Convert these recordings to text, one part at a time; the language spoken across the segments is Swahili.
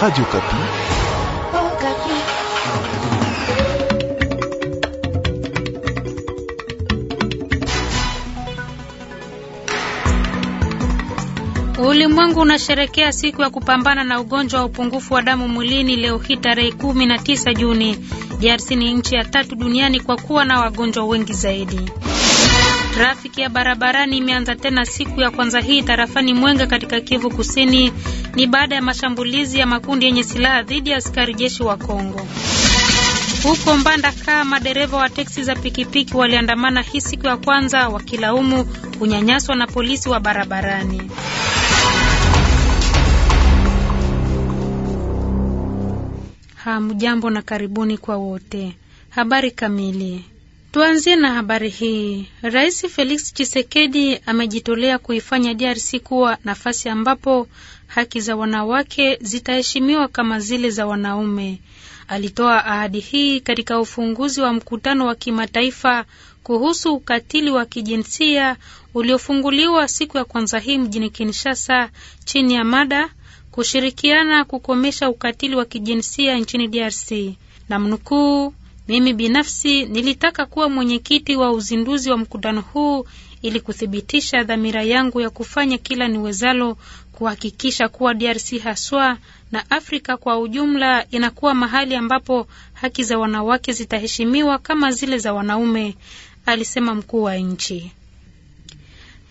Radio Kapi. Oh, Kapi. Ulimwengu unasherekea siku ya kupambana na ugonjwa wa upungufu wa damu mwilini leo hii tarehe 19 Juni. DRC ni nchi ya tatu duniani kwa kuwa na wagonjwa wengi zaidi. Trafiki ya barabarani imeanza tena siku ya kwanza hii tarafani Mwenga katika Kivu Kusini ni baada ya mashambulizi ya makundi yenye silaha dhidi ya askari jeshi wa Kongo. Huko Mbandaka, madereva wa teksi za pikipiki waliandamana hii siku ya kwanza wakilaumu unyanyaswa na polisi wa barabarani. Hamjambo na karibuni kwa wote. Habari kamili. Tuanzie na habari hii. Rais Felix Tshisekedi amejitolea kuifanya DRC kuwa nafasi ambapo haki za wanawake zitaheshimiwa kama zile za wanaume. Alitoa ahadi hii katika ufunguzi wa mkutano wa kimataifa kuhusu ukatili wa kijinsia uliofunguliwa siku ya kwanza hii mjini Kinshasa chini ya mada kushirikiana kukomesha ukatili wa kijinsia nchini DRC. Namnukuu, mimi binafsi nilitaka kuwa mwenyekiti wa uzinduzi wa mkutano huu ili kuthibitisha dhamira yangu ya kufanya kila niwezalo kuhakikisha kuwa DRC haswa na Afrika kwa ujumla inakuwa mahali ambapo haki za wanawake zitaheshimiwa kama zile za wanaume, alisema mkuu wa nchi.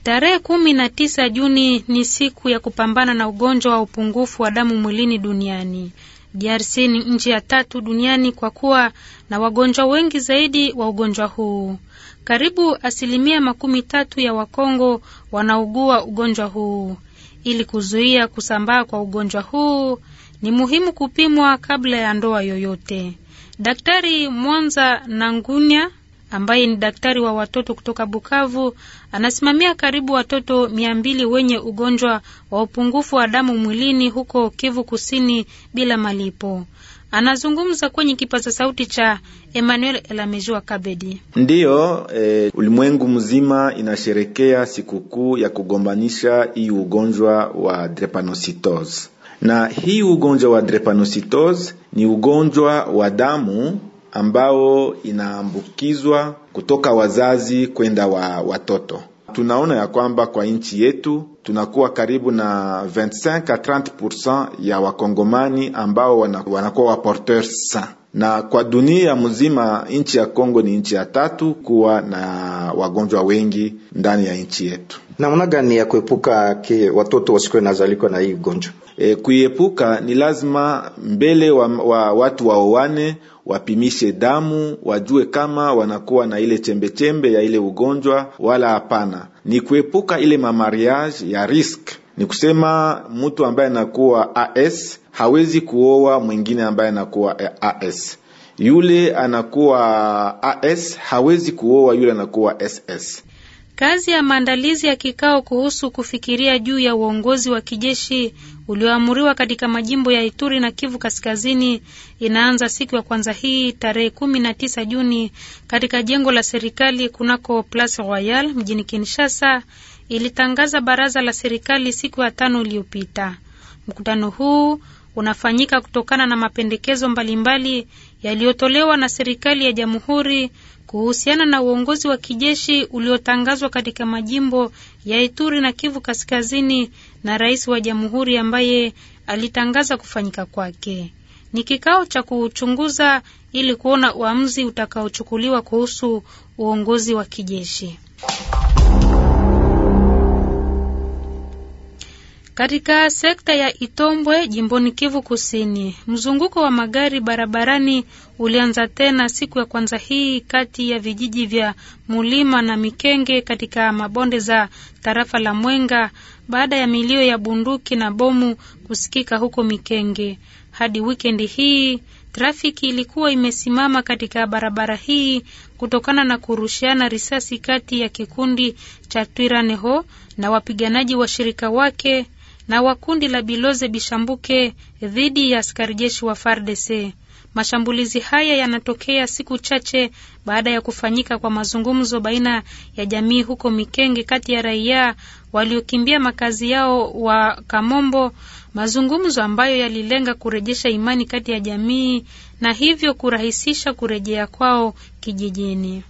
Tarehe kumi na tisa Juni ni siku ya kupambana na ugonjwa wa upungufu wa damu mwilini duniani. DRC ni nchi ya tatu duniani kwa kuwa na wagonjwa wengi zaidi wa ugonjwa huu. Karibu asilimia makumi tatu ya Wakongo wanaugua ugonjwa huu. Ili kuzuia kusambaa kwa ugonjwa huu, ni muhimu kupimwa kabla ya ndoa yoyote. Daktari Mwanza Nangunya ambaye ni daktari wa watoto kutoka Bukavu, anasimamia karibu watoto mia mbili wenye ugonjwa wa upungufu wa damu mwilini huko Kivu Kusini bila malipo. Anazungumza kwenye kipaza sauti cha Emmanuel Elamejiwa Kabedi. Ndiyo, e, ulimwengu mzima inasherekea sikukuu ya kugombanisha hii ugonjwa wa drepanocytosis, na hii ugonjwa wa drepanocytosis ni ugonjwa wa damu ambao inaambukizwa kutoka wazazi kwenda wa watoto. Tunaona ya kwamba kwa nchi yetu tunakuwa karibu na 25 a 30% ya wakongomani ambao wanakuwa waporteurs sains na kwa dunia mzima nchi ya Kongo ni nchi ya tatu kuwa na wagonjwa wengi ndani ya nchi yetu. Namna gani ya kuepuka ke watoto wasikuwe nazalikwa na hii ugonjwa? E, eh, kuiepuka ni lazima mbele wa, wa watu waowane wapimishe damu, wajue kama wanakuwa na ile chembechembe ya ile ugonjwa wala hapana. Ni kuepuka ile mamariage ya risk, ni kusema mtu ambaye anakuwa AS hawezi kuoa mwingine ambaye anakuwa AS yule anakuwa AS hawezi kuoa yule anakuwa SS. Kazi ya maandalizi ya kikao kuhusu kufikiria juu ya uongozi wa kijeshi ulioamuriwa katika majimbo ya Ituri na Kivu Kaskazini inaanza siku ya kwanza hii tarehe 19 Juni katika jengo la serikali kunako Place Royal mjini Kinshasa, ilitangaza baraza la serikali siku ya tano iliyopita. Mkutano huu unafanyika kutokana na mapendekezo mbalimbali yaliyotolewa na serikali ya Jamhuri kuhusiana na uongozi wa kijeshi uliotangazwa katika majimbo ya Ituri na Kivu Kaskazini na rais wa jamhuri ambaye alitangaza kufanyika kwake. Ni kikao cha kuchunguza ili kuona uamuzi utakaochukuliwa kuhusu uongozi wa kijeshi. Katika sekta ya Itombwe jimboni Kivu Kusini, mzunguko wa magari barabarani ulianza tena siku ya kwanza hii kati ya vijiji vya Mulima na Mikenge katika mabonde za tarafa la Mwenga baada ya milio ya bunduki na bomu kusikika huko Mikenge. Hadi wikendi hii trafiki ilikuwa imesimama katika barabara hii kutokana na kurushiana risasi kati ya kikundi cha Twiraneho na wapiganaji washirika wake na wa kundi la Biloze Bishambuke dhidi ya askari jeshi wa FARDC. Mashambulizi haya yanatokea siku chache baada ya kufanyika kwa mazungumzo baina ya jamii huko Mikenge kati ya raia waliokimbia makazi yao wa Kamombo, mazungumzo ambayo yalilenga kurejesha imani kati ya jamii na hivyo kurahisisha kurejea kwao kijijini.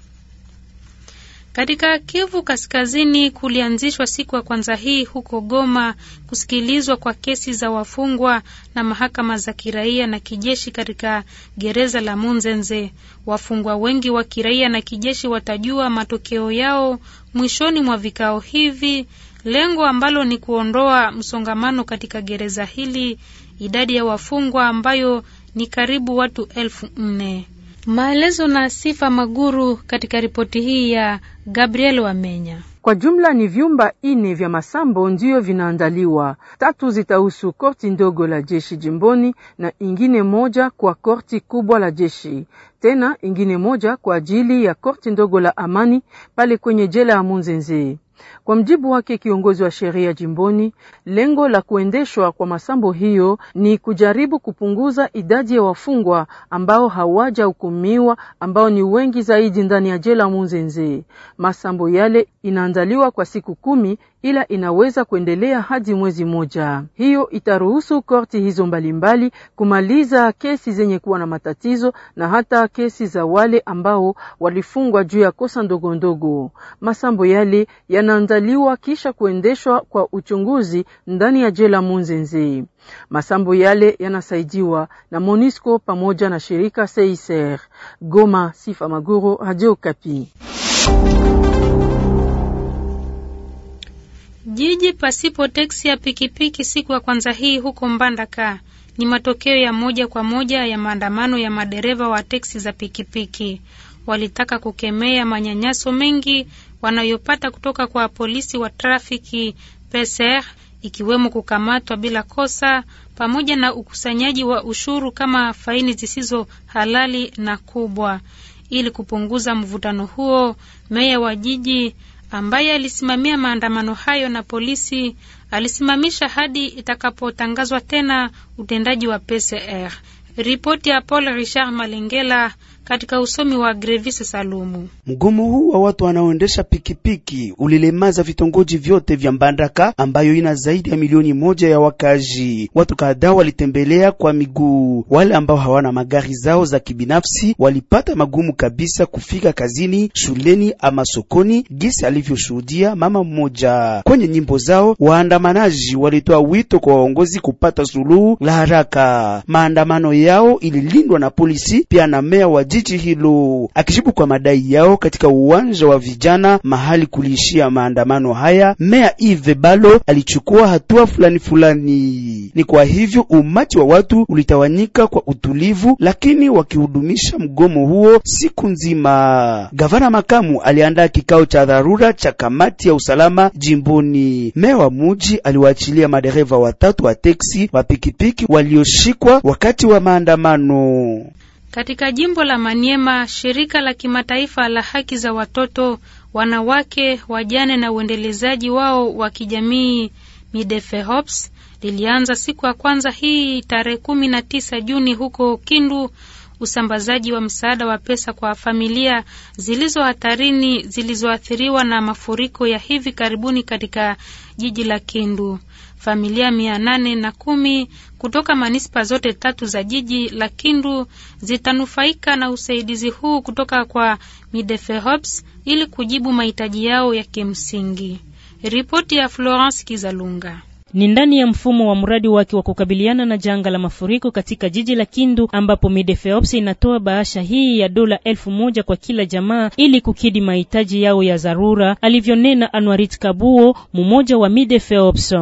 Katika Kivu Kaskazini kulianzishwa siku ya kwanza hii huko Goma kusikilizwa kwa kesi za wafungwa na mahakama za kiraia na kijeshi katika gereza la Munzenze. Wafungwa wengi wa kiraia na kijeshi watajua matokeo yao mwishoni mwa vikao hivi, lengo ambalo ni kuondoa msongamano katika gereza hili, idadi ya wafungwa ambayo ni karibu watu elfu nne. Maelezo na Sifa Maguru katika ripoti hii ya Gabriel Wamenya. Kwa jumla ni vyumba ine vya masambo ndiyo vinaandaliwa. Tatu zitahusu korti ndogo la jeshi jimboni na ingine moja kwa korti kubwa la jeshi, tena ingine moja kwa ajili ya korti ndogo la amani pale kwenye jela ya Munzenze. Kwa mjibu wake kiongozi wa sheria jimboni, lengo la kuendeshwa kwa masambo hiyo ni kujaribu kupunguza idadi ya wafungwa ambao hawajahukumiwa ambao ni wengi zaidi ndani ya jela Munzenze. Masambo yale inaandaliwa kwa siku kumi ila inaweza kuendelea hadi mwezi mmoja. Hiyo itaruhusu korti hizo mbalimbali kumaliza kesi zenye kuwa na matatizo na hata kesi za wale ambao walifungwa juu ya kosa ndogo ndogo. Masambo yale yanaandaliwa kisha kuendeshwa kwa uchunguzi ndani ya jela Munzenze. Masambo yale yanasaidiwa na Monisco pamoja na shirika Seiser. Goma, Sifa Maguru, Radio Kapi. Jiji pasipo teksi ya pikipiki siku ya kwanza hii huko Mbandaka ni matokeo ya moja kwa moja ya maandamano ya madereva wa teksi za pikipiki. Walitaka kukemea manyanyaso mengi wanayopata kutoka kwa polisi wa trafiki PCR, ikiwemo kukamatwa bila kosa pamoja na ukusanyaji wa ushuru kama faini zisizo halali na kubwa. Ili kupunguza mvutano huo, meya wa jiji ambaye alisimamia maandamano hayo na polisi alisimamisha hadi itakapotangazwa tena utendaji wa PCR. Ripoti ya Paul Richard Malengela katika usomi wa Grevisi Salumu. Mgomo huu wa watu wanaoendesha pikipiki ulilemaza vitongoji vyote vya Mbandaka ambayo ina zaidi ya milioni moja ya wakazi. Watu kadhaa walitembelea kwa miguu. Wale ambao hawana magari zao za kibinafsi walipata magumu kabisa kufika kazini, shuleni ama sokoni, gisi alivyoshuhudia mama mmoja. Kwenye nyimbo zao, waandamanaji walitoa wito kwa waongozi kupata suluhu la haraka. Maandamano yao ililindwa na polisi pia na meya wa jiji hilo. Akijibu kwa madai yao katika uwanja wa vijana mahali kuliishia maandamano haya, meya Ive Balo alichukua hatua fulani fulani. Ni kwa hivyo umati wa watu ulitawanyika kwa utulivu, lakini wakihudumisha mgomo huo siku nzima. Gavana makamu aliandaa kikao cha dharura cha kamati ya usalama jimboni. Meya wa muji aliwaachilia madereva watatu wa teksi wa pikipiki walioshikwa wakati wa maandamano. Katika jimbo la Maniema, shirika la kimataifa la haki za watoto, wanawake, wajane na uendelezaji wao wa kijamii Midefehops lilianza siku ya kwanza hii tarehe kumi na tisa Juni huko Kindu usambazaji wa msaada wa pesa kwa familia zilizo hatarini zilizoathiriwa na mafuriko ya hivi karibuni katika jiji la Kindu familia mia nane na kumi kutoka manispa zote tatu za jiji la Kindu zitanufaika na usaidizi huu kutoka kwa Midefehops ili kujibu mahitaji yao ya kimsingi. Ripoti ya Florence Kizalunga ni ndani ya mfumo wa mradi wake wa kukabiliana na janga la mafuriko katika jiji la Kindu ambapo Midefeops inatoa bahasha hii ya dola elfu moja kwa kila jamaa ili kukidhi mahitaji yao ya dharura, alivyonena Anwarit Kabuo, mmoja wa Midefeops.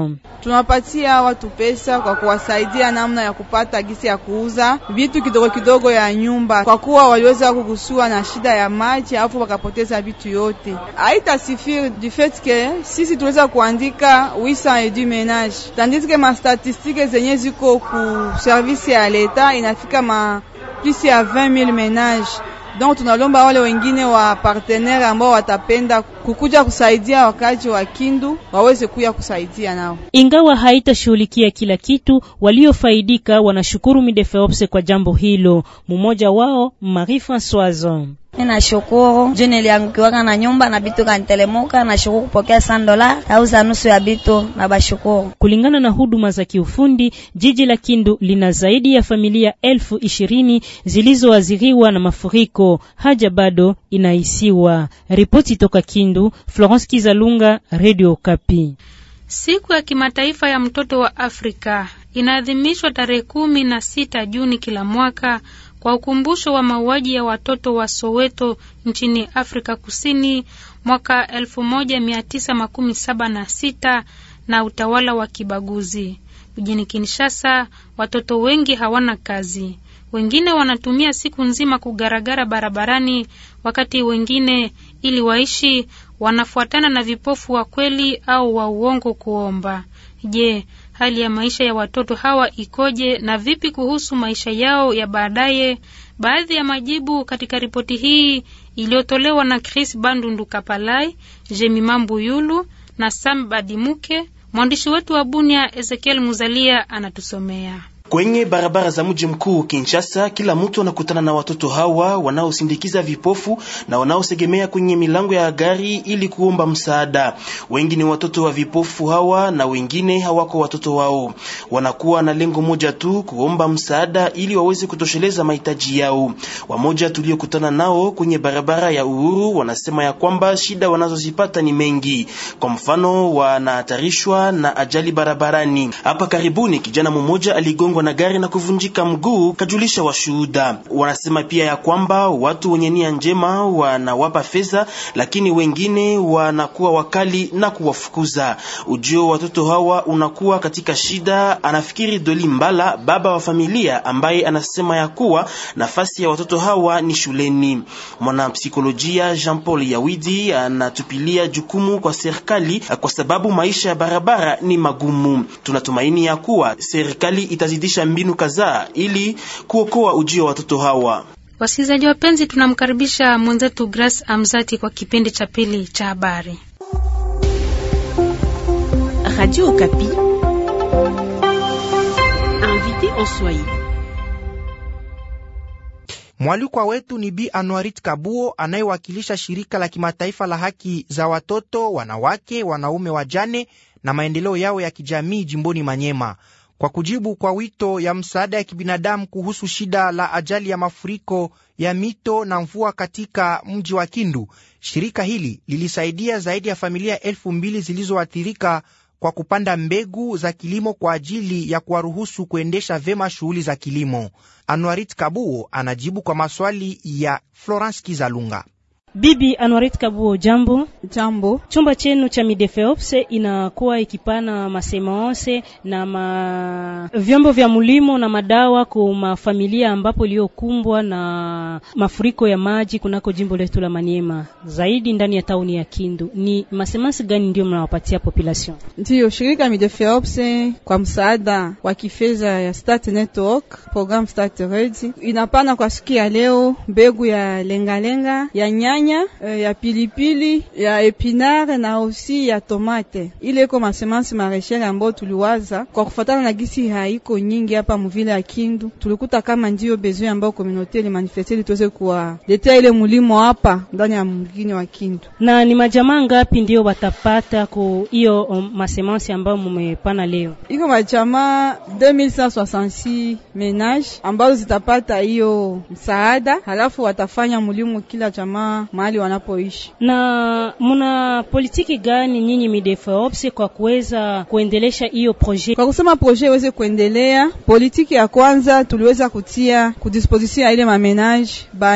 tunapatia watu pesa kwa kuwasaidia namna ya kupata gisi ya kuuza vitu kidogo kidogo ya nyumba, kwa kuwa waliweza kugusua na shida ya maji alafu wakapoteza vitu yote. Haitasifiri du fait que sisi tuweza kuandika wisa edumena menage, tandis que ma statistike zenye ziko ku service ya leta inafika ma plisi ya 000 ménages. Donc tunalomba wale wengine wa partenaire ambao watapenda kukuja kusaidia wakazi wa Kindu waweze kuya kusaidia nao. Ingawa haitashughulikia kila kitu, waliofaidika wanashukuru Midefeopse kwa jambo hilo. Mmoja wao Marie Françoise Nina shukuru juu niliangukiwaka na nyumba na bitu kanitelemuka. Na shukuru kupokea san dola auza nusu ya bitu na bashukuru. Kulingana na huduma za kiufundi, jiji la Kindu lina zaidi ya familia elfu ishirini zilizoathiriwa na mafuriko. Haja bado inaisiwa. Ripoti toka Kindu, Florence Kizalunga, Radio Kapi. Siku ya kimataifa ya mtoto wa Afrika inaadhimishwa tarehe kumi na sita Juni kila mwaka kwa ukumbusho wa mauaji ya watoto wa Soweto nchini Afrika Kusini mwaka 1976 na utawala wa kibaguzi. Mjini Kinshasa, watoto wengi hawana kazi. Wengine wanatumia siku nzima kugaragara barabarani, wakati wengine ili waishi wanafuatana na vipofu wa kweli au wa uongo kuomba. Je, hali ya maisha ya watoto hawa ikoje na vipi kuhusu maisha yao ya baadaye? Baadhi ya majibu katika ripoti hii iliyotolewa na Chris Bandundu Kapalai, Mambu Yulu na Sam Badimuke. Mwandishi wetu wa Bunia Ezekiel Muzalia anatusomea. Kwenye barabara za mji mkuu Kinshasa, kila mtu anakutana na watoto hawa wanaosindikiza vipofu na wanaosegemea kwenye milango ya gari ili kuomba msaada. Wengi ni watoto wa vipofu hawa na wengine hawako watoto wao. Wanakuwa na lengo moja tu, kuomba msaada ili waweze kutosheleza mahitaji yao. Wamoja tuliokutana nao kwenye barabara ya Uhuru wanasema ya kwamba shida wanazozipata ni mengi. Kwa mfano, wanahatarishwa na ajali barabarani. Hapa karibuni kijana mmoja aligonga kugongwa na gari na kuvunjika mguu, kajulisha washuhuda. Wanasema pia ya kwamba watu wenye nia njema wanawapa fedha, lakini wengine wanakuwa wakali na kuwafukuza. Ujio watoto hawa unakuwa katika shida, anafikiri Doli Mbala, baba wa familia, ambaye anasema ya kuwa nafasi ya watoto hawa ni shuleni. Mwanapsikolojia Jean Paul Yawidi anatupilia jukumu kwa serikali, kwa sababu maisha ya barabara ni magumu. Tunatumaini ya kuwa serikali itazidi kurekebisha mbinu kadhaa ili kuokoa ujio wa watoto hawa. Wasikilizaji wapenzi, tunamkaribisha mwenzetu Grace Amzati kwa kipindi cha pili cha habari. Mwalikwa wetu ni Bi Anwarit Kabuo anayewakilisha shirika la kimataifa la haki za watoto, wanawake, wanaume wajane na maendeleo yao ya kijamii jimboni Manyema kwa kujibu kwa wito ya msaada ya kibinadamu kuhusu shida la ajali ya mafuriko ya mito na mvua katika mji wa Kindu. Shirika hili lilisaidia zaidi ya familia elfu mbili zilizoathirika kwa kupanda mbegu za kilimo kwa ajili ya kuwaruhusu kuendesha vema shughuli za kilimo. Anuarit Kabuo anajibu kwa maswali ya Florence Kizalunga. Bibi Anwarit Kabuo, jambo. Jambo. Chumba chenu cha Midefeops inakuwa ikipana masemanse na ma... vyombo vya mulimo na madawa kwa mafamilia ambapo iliyokumbwa na mafuriko ya maji kunako jimbo letu la Maniema, zaidi ndani ya tauni ya Kindu. Ni masemansi gani ndio mnawapatia population? Ndiyo, shirika Midefeops kwa msaada wa kifedha ya Start Network, program Start Ready inapana kwa siku ya leo mbegu ya lengalenga ya nyanya nyanya eh, ya pilipili ya epinare na aussi ya tomate. Ile iko masemansi marechele ambayo tuliwaza kwa kufatana na gisi haiko nyingi hapa muvile ya Kindu, tulikuta kama ndiyo besoin ambayo komunote ile manifesteli tuweze kuwaletea ile mulimo hapa ndani ya mgini wa Kindu. Na ni majamaa ngapi ndio watapata ku hiyo um, masemansi ambayo mumepana leo? Iko majamaa 2166 menage ambazo zitapata hiyo msaada, halafu watafanya mulimo kila jamaa mahali wanapoishi. Na muna politiki gani nyinyi midefopse kwa kuweza kuendelesha hiyo proje? Kwa kusema proje iweze kuendelea, politiki ya kwanza tuliweza kutia kudisposition ya ile mamenage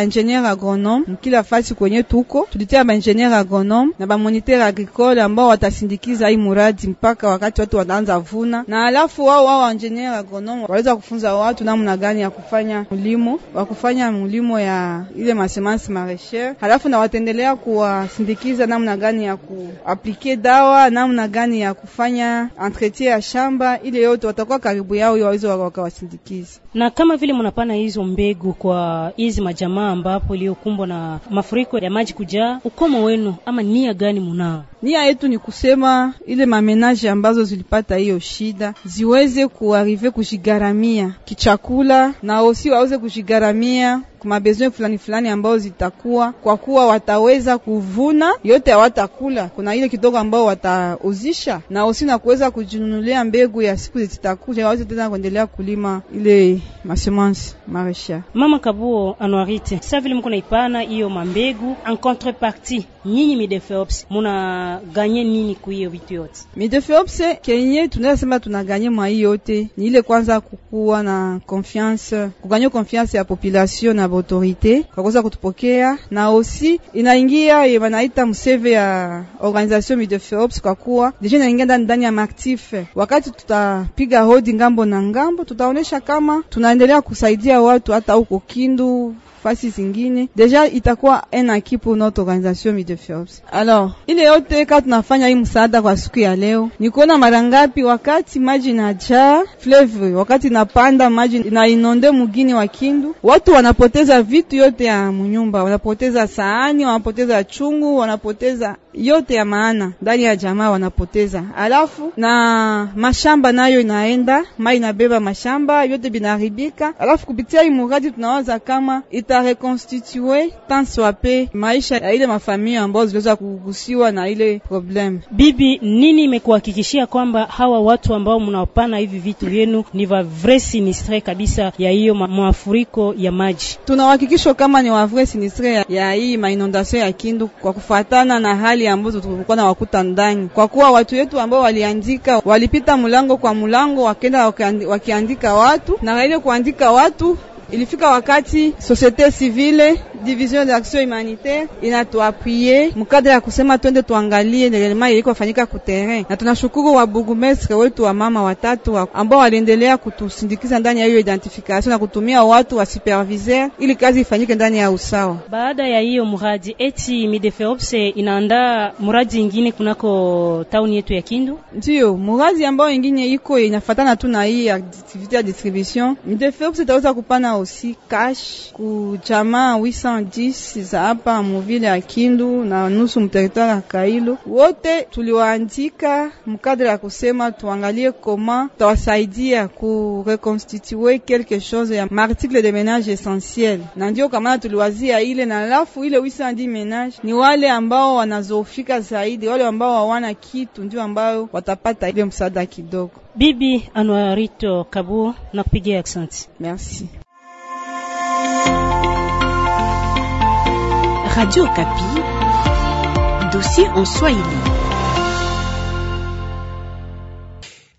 ingenieur agronome mkila fasi kwenye tuko tulitia ingenieur agronome na moniteur agricole ambao watasindikiza hii muradi mpaka wakati watu wataanza vuna, na alafu wao wao ingenieur agronome waweza kufunza watu namna gani ya kufanya mlimo wa kufanya mlimo ya ile masemansi maresher halafu alafu nawatendelea kuwasindikiza namna gani ya kuaplike dawa, namna gani ya kufanya entretien ya shamba, ile yote watakuwa karibu yao ili waweze wakawasindikiza. Na kama vile mnapana hizo mbegu kwa hizi majamaa ambapo iliyokumbwa na mafuriko ya maji kujaa, ukomo wenu ama nia gani munao? Nia yetu ni kusema ile mamenaje ambazo zilipata hiyo shida ziweze kuarive kujigaramia kichakula, na si waweze kujigaramia kumabezwe fulani fulani ambao zitakuwa kwa kuwa wataweza kuvuna yote, hawatakula kuna ile kidogo ambao watauzisha, na usi na kuweza kujinunulia mbegu ya siku zitakuja, waweze tena kuendelea kulima ile masemansi maresha. Mama Kabuo Anwarite, sasa vile mko naipana hiyo mambegu, en contrepartie nyinyi midefeops muna ganye nini ku hiyo vitu yote? Midefeops kenye tunaweza sema tuna tunaganye mwa hiyo yote ni ile kwanza kukuwa na confiance, kuganya confiance ya population na autorité kwa wakoza kutupokea na aussi inaingia wanaita mseve ya organisation mi de Feops, kwa kuwa deja inaingia ndani ndani ya maktif. Wakati tutapiga hodi ngambo na ngambo, tutaonesha kama tunaendelea kusaidia watu hata huko Kindu fasi zingine deja itakuwa ena kipo notre organisation mi de Feops. Alors ile yote ka tunafanya hii msaada kwa siku ya leo ni kuona mara ngapi wakati maji inajaa fleuve, wakati inapanda maji na inonde mugini wa Kindu, watu wanapote wanapoteza vitu yote ya mnyumba, wanapoteza sahani, wanapoteza chungu, wanapoteza yote ya maana ndani ya jamaa wanapoteza, alafu na mashamba nayo inaenda mai inabeba mashamba yote binaharibika. Alafu kupitia hii muradi tunawaza kama itarekonstitue tanswape maisha ya ile mafamia ambao ziliweza kugusiwa na ile problem. Bibi, nini imekuhakikishia kwamba hawa watu ambao mnaopana hivi vitu vyenu ni va vrai sinistre kabisa ya hiyo mafuriko ya maji? Tunahakikishwa kama ni wa vrai sinistre ya hii mainondasio ya Kindu kwa kufuatana na hali hali ambazo tulikuwa na wakuta ndani, kwa kuwa watu yetu ambao waliandika walipita mlango kwa mlango, wakenda wakiandika watu na ile kuandika watu Ilifika wakati societe civile division d'action humanitaire inatuapwie mkadra ya kusema twende tuangalie nelelema iliko fanyika terrain, na tunashukuru wa burgomestre wetu wa mama watatu wa ambao waliendelea kutusindikiza ndani ya hiyo identification na kutumia watu wa superviseur ili kazi ifanyike ndani ya usawa. Baada ya hiyo muradi eti midefeopse inaandaa muradi ingine kunako town yetu ya Kindu, ndio muradi ambao ingine iko inafatana tu na hii activity ya distribution midefeopse itaweza kupana aussi cash ku jamaa 810 za hapa muvile ya Kindu na nusu mteritware ya Kailo. Wote tuliwaandika mkadre ya kusema tuangalie koma tawasaidia ku reconstituer quelque chose ya article de menage essentiel, na ndio kamana tuliwazia ile na alafu ile 810 menage ni wale ambao wanazofika zaidi, wale ambao hawana kitu ndio ambao watapata ile msaada kidogo. Bibi Anwarito Kabu, nakupigia asante. Merci. Radio Kapi, dossier en Swahili.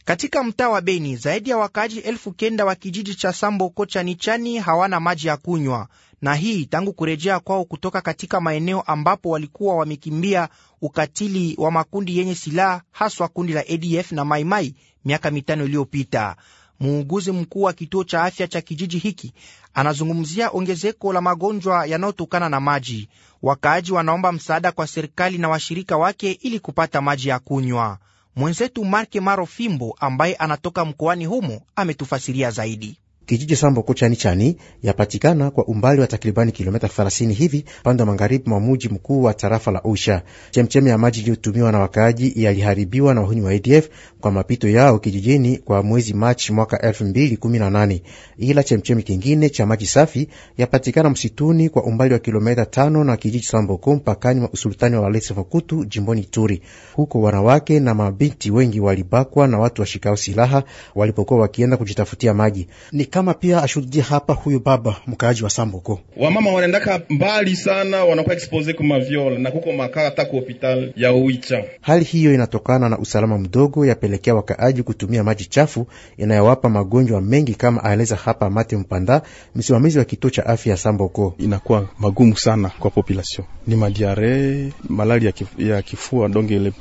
Katika mtaa wa Beni, zaidi ya wakaaji elfu kenda wa kijiji cha Samboko cha Nichani hawana maji ya kunywa, na hii tangu kurejea kwao kutoka katika maeneo ambapo walikuwa wamekimbia ukatili wa makundi yenye silaha haswa kundi la ADF na Maimai miaka mitano iliyopita muuguzi mkuu wa kituo cha afya cha kijiji hiki, anazungumzia ongezeko la magonjwa yanayotokana na maji. Wakaaji wanaomba msaada kwa serikali na washirika wake ili kupata maji ya kunywa. Mwenzetu Marke Maro Fimbo ambaye anatoka mkoani humo ametufasiria zaidi. Kijiji Samboko chani chani yapatikana kwa umbali wa takribani kilomita 30 hivi pande wa magharibi mwa muji mkuu wa tarafa la Usha. Chemchemi ya maji iliyotumiwa na wakaaji yaliharibiwa na wahuni wa ADF kwa mapito yao kijijini kwa mwezi Machi mwaka 2018. Ila chemchemi kingine cha maji safi yapatikana msituni kwa umbali wa kilomita tano na kijiji Samboko mpakani mwa usultani wa Walese Fakutu jimboni Turi. Huko wanawake na mabinti wengi walibakwa na watu washikao silaha walipokuwa wakienda kujitafutia maji Ni kama pia ashurudie hapa huyu baba mkaaji wa Samboko. Wamama wanaendaka mbali sana, wanakuwa expose kwa maviola na kuko makaa hata ku hospital ya Uicha. Hali hiyo inatokana na usalama mdogo, yapelekea wakaaji kutumia maji chafu inayowapa magonjwa mengi, kama aeleza hapa Mate Mpanda, msimamizi wa kituo cha afya ya Samboko. Inakuwa magumu sana kwa population, ni madiare, malaria ya kifua, donge ile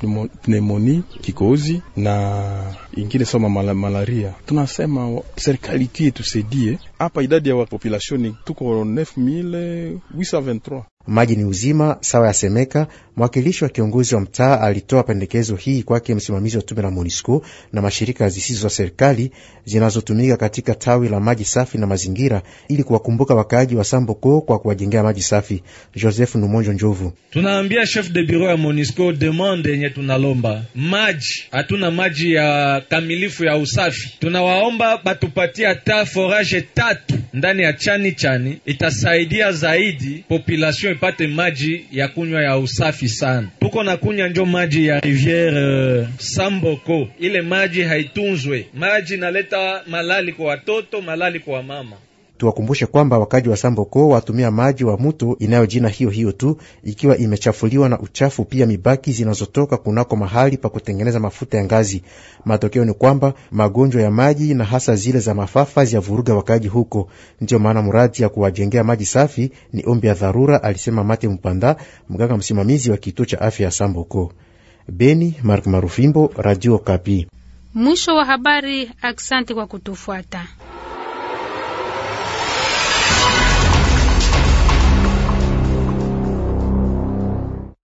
pneumoni, kikozi na ingine soma malaria. Tunasema serikali yetu watusaidie hapa. Idadi ya population tuko 9823 maji ni uzima, sawa yasemeka. Mwakilishi wa kiongozi wa mtaa alitoa pendekezo hii kwake msimamizi wa tume la MONUSCO na mashirika zisizo za serikali zinazotumika katika tawi la maji safi na mazingira, ili kuwakumbuka wakaaji wa Samboko kwa kuwajengea maji safi. Joseph Numonjo Njovu: tunaambia chef de bureau ya MONUSCO demande yenye tunalomba maji, hatuna maji ya kamilifu ya usafi. Tunawaomba batupatie ta forage tatu ndani ya chani chani, itasaidia zaidi population Bunia pate maji ya kunywa ya usafi sana. Tuko na kunya njo maji ya riviere uh, Samboko. Ile maji haitunzwe, maji naleta malali kwa watoto, malali kwa mama Tuwakumbushe kwamba wakaji wa Samboko watumia maji wa muto inayo jina hiyo hiyo tu, ikiwa imechafuliwa na uchafu pia mibaki zinazotoka kunako mahali pa kutengeneza mafuta ya ngazi. Matokeo ni kwamba magonjwa ya maji na hasa zile za mafafa zya vuruga wakaji huko. Ndiyo maana muradi ya kuwajengea maji safi ni ombi ya dharura, alisema Mate Mpanda, mganga msimamizi wa kituo cha afya ya Samboko. Beni, Mark Marufimbo, Radio Kapi. Mwisho wa habari. aksanti kwa kutufuata.